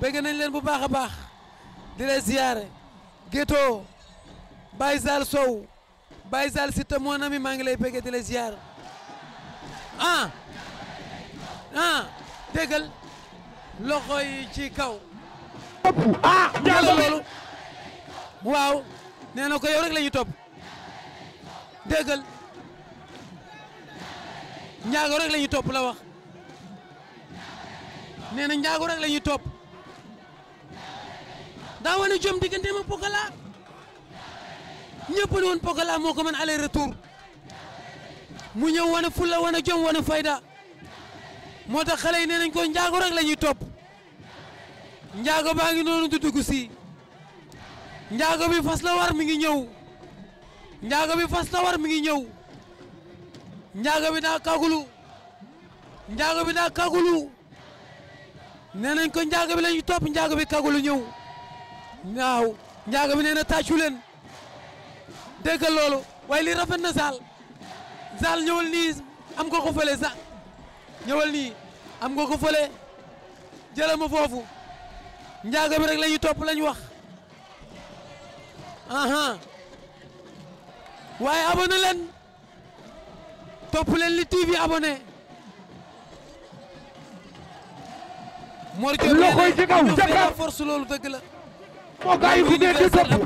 bëgg nañ leen bu baax a baax di lay ziyaare Gétto Baye Zal Sow Baye Zal Siteu mon mi maa ngi lay bëgg di lay ziyaare ah ah loxo yi ci kaw. ah waaw nee na ko yow rek la ñuy topp déggal njaago rek la ñuy topp la wax nee na njaago rek la ñuy topp. daa wane jom diggante ma Pokola ñëpp ne woon moo ko mën aller mu ñëw wane fulla wane jom wane fayda moo tax xale yi nee nañ ko njaago rek lañuy ñuy topp njaago baa ngi noonu du si njaago bi fas la war mi ngi ñëw njaago bi fas la mi ngi ñëw njaago bi daa kagulu njaago bi daa kagulu nee nañ ko njaago bi lañuy ñuy topp njaago bi kagulu ñëw ñaaw njaaga mi nee na tàccu leen déggal loolu lii rafet na Zal Zal ñëwal nii am nga ko fële ñëwal nii am nga ko fële ma foofu njaaga mi rek la topp la wax aha waaye abonné leen topp leen li TV abonné Mor Diop loxoy ci kaw ca loolu dëgg la moo gaay ko ngeen di topp ay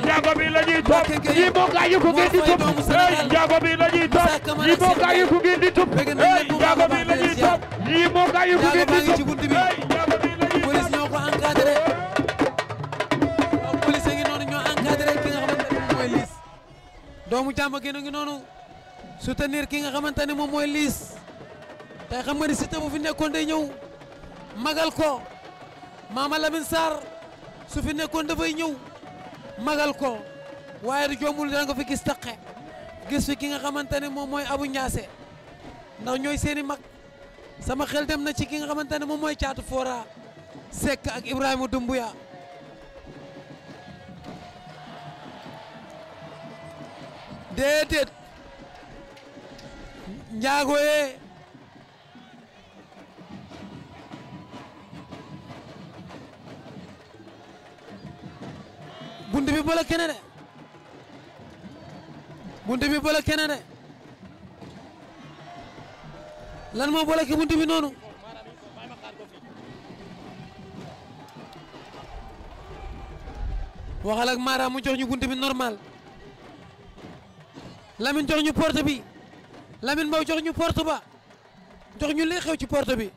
Ndiago bi la ñuy topp ñii moo gaay ko ngeen di topp ñii moo gaay ko ngeen di topp ñii moo gaay ko ngeen di topp ay Ndiago bi la ñuy topp police ngi noonu ñoo encadré ki nga xamante ne mooy liis doomu jàmm gi ngi noonu soutenir ki nga xamante moom mooy liis tey xam nga ni Siteu bu fi nekkoon day ñëw magal ko Mama Lamine su fi nekkoon dafay ñëw magal ko waaye du jombul dana ko fi gis taqe gis fi ki nga xamante ne moom mooy Abu Ñaase ndax ñooy seeni mag sama xel dem na ci ki nga xamante ne moom mooy caatu foora sek ak Ibrahima Dumbuya ya njaago yee buntu bi bloqué na de buntu bi bloqué de lan moo bloqué buntu bi noonu waxal ak mu jox ñu buntu normal lamin jox ñu porte bi lamin Mbow jox ñu porte ba jox ñu li xew ci porte bi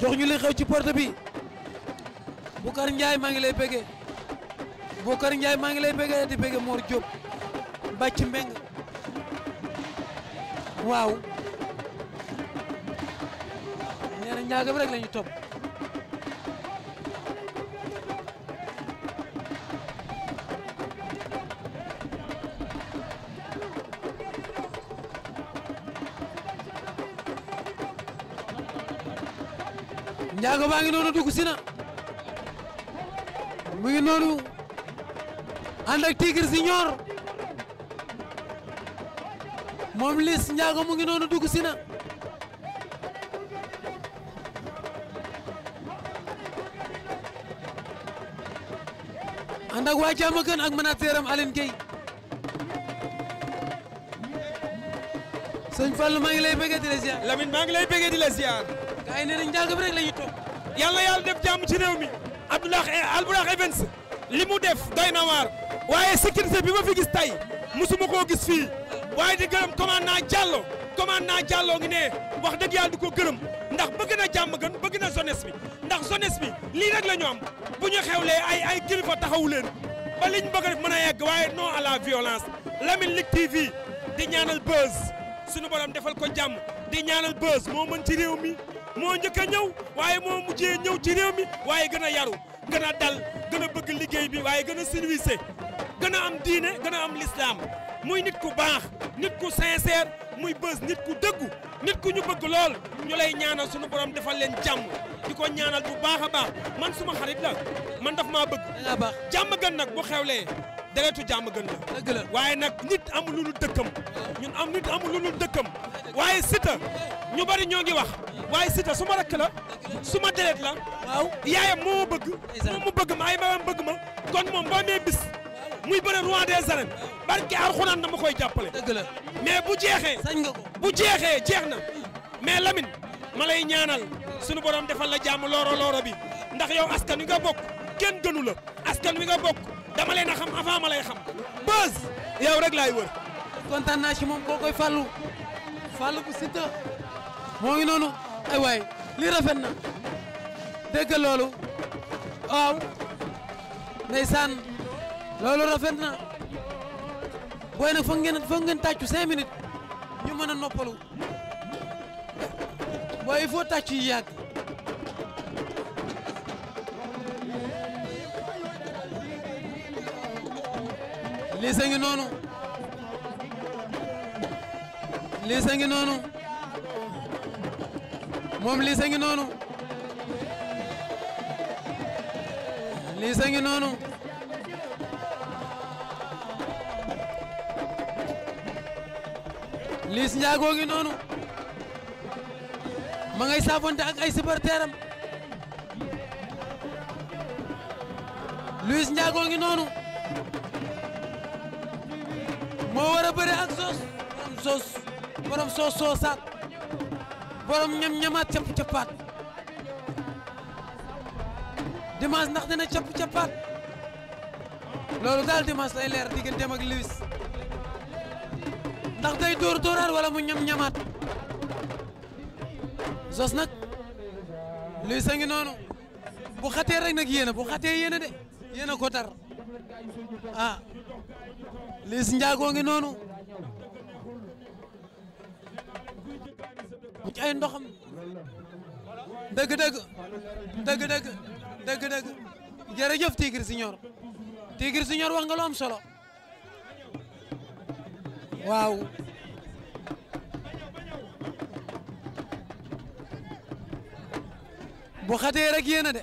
jox ñu li xew ci porte bi Boucar Ndiaye maa ngi lay bëggee Bokar Ndiaye maa ngi lay bëggee di bëggee Mor Diop bàcc mbeng waaw nee na ñaaga bi la ñu topp baa ngi noonu dugg si mu ngi noonu ànd ak Tigre Junior moom Liss Ndiago mu ngi noonu dugg si na ànd ak waa Diamaguène ak manateeram Aline Gueye sëñ Fallou maa ngi lay bëggee di la ziar Lamine maa ngi lay bëggee di la ziar gars yi nee rek la ñuy topp yàlla yàlla def ci réew mi Abdoulaye Albourakh Events li mu def doy na waar waaye sécurité bi ma fi gis tey musuma koo gis fii waaye di gërëm commandant Diallo commandant Diallo ngi ne wax dëgg yàlla di ko gërëm ndax bëgg na jàmm gën bëgg na jeunesse bi ndax jeunesse bi lii rek la ñu am bu ñu xewlee ay ay kilifa taxawu leen ba liñ bëgg a def mën a yàgg waaye noo à la violence Lamine Lutte TV di ñaanal buzz suñu borom defal ko jàmm di ñaanal buzz moo mën ci réew mi moo njëkk a ñëw waaye moo mujjee ñëw ci réew mi waaye gën a yaru gën a dal gën a bëgg liggéey bi waaye gën a silwise gën a am diine gën a am lislaam muy nit ku baax nit ku sincère muy bës nit ku dëggu nit ku ñu bëgg lool ñu lay ñaanal suñu borom defal leen jàmm di ko ñaanal bu baax a baax man suma xarit la man daf maa bëgg. jàmm gën nag bu xewlee. deretu jàmm gën la. dëgg waaye nag nit amul lu dul dëkkam. ñun am nit amul lu dul dëkkam. waaye Siteu ñu bari ñoo ngi wax. waaye Siteu su ma rakk la. su ma deret la. yaayam moo ma bëgg. moom mu bëgg ma ay maamam bëgg ma. kon moom boo nee bis. muy bëre roi des arènes. barke Alxuraan dama koy jàppale. dëgg la mais bu jeexee. sañ nga ko bu jeexee jeex na. mais Lamine ma lay ñaanal. sunu borom defal la jàmm looro looro bi. ndax yow askan wi nga bokk. kenn gënu la. askan wi nga bokk. dama leen a xam avant ma xam bës yow rek laay wër. kontaan naa ci moom koo koy fàllu fàllu bu Siteu moo ngi noonu ay waay lii rafet na dégg loolu waaw ndeysaan loolu rafet na booy nag foog ngeen foog ngeen tàccu cinq minutes ñu mën a noppalu booy il faut yàgg liis a ngi noonu liis a ngi noonu moom ngi noonu liis a ngi noonu liis njaagoo ngi noonu ma ngay saafonte ak ay supporteram liis njaagoo ngi noonu moo war a bëre ak Zoss borom Zoss borom soos soosaat borom ñam ñamaat capp cappaat dimanche ndax dina capp cappaat loolu daal dimanche lay leer digganteem ak Lewis ndax day dóor dóoraat wala mu ñam ñamaat Zoss nag Lewis a ngi noonu bu xatee rek nag yéena bu xatee yéena de yéena ko tar ah. Liss njaagoo ngi noonu bu ci ay ndoxam dëgg-dëgg dëgg-dëgg dëgg-dëgg jërëjëf Tigre Senior Tigre Senior wax nga lu am solo waaw bu xatee rek yéena de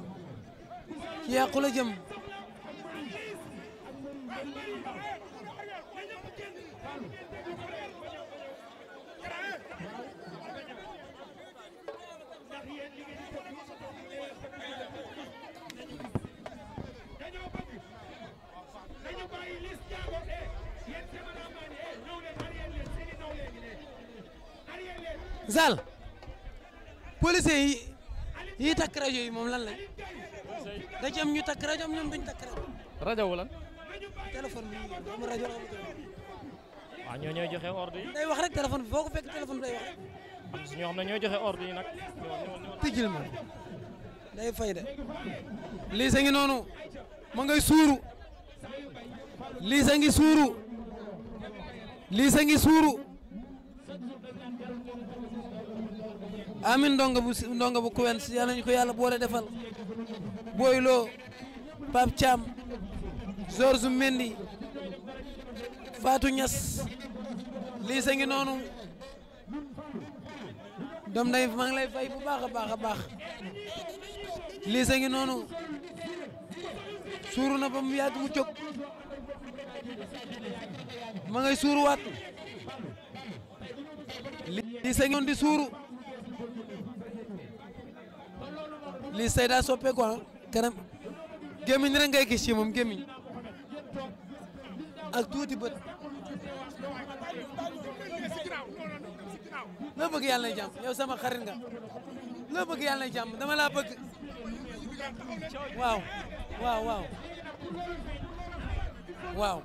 ci yàqu la jëm Zal policiers yi yi takk rajo moom lan lañ da ci am ñu takk rajo am ñoom duñ takk rajo. rajo téléphone bi amul ah, ñooy joxe ordre yi. wax rek téléphone bi foo ko fekk téléphone bi day wax rek. am ah, si ñoo xam tijjil ma day fay de. lii sa ngi noonu ma ngay suuru lii ngi suuru lii sa ngi suuru amin ndongo bu ndongo bu kuwen ñu ko yàlla boole defal. Boylo Pape Thiam Georges Mendy Fatou Niass lii sa ngi noonu doom day maa ngi lay fay bu baax a baax a baax lii sa ngi noonu suuru na ba mu yàgg mu jóg ma ngay suuruwaat lii sa ngi noonu di suuru lii say daa soppe quoi ah. kanam gémmiñ rek ngay gis ci moom gémmiñ ak tuuti bët loo bëgg yàlla na jàmm yow sama xarit nga loo bëgg yàlla na jàmm dama laa bëgg waaw waaw waaw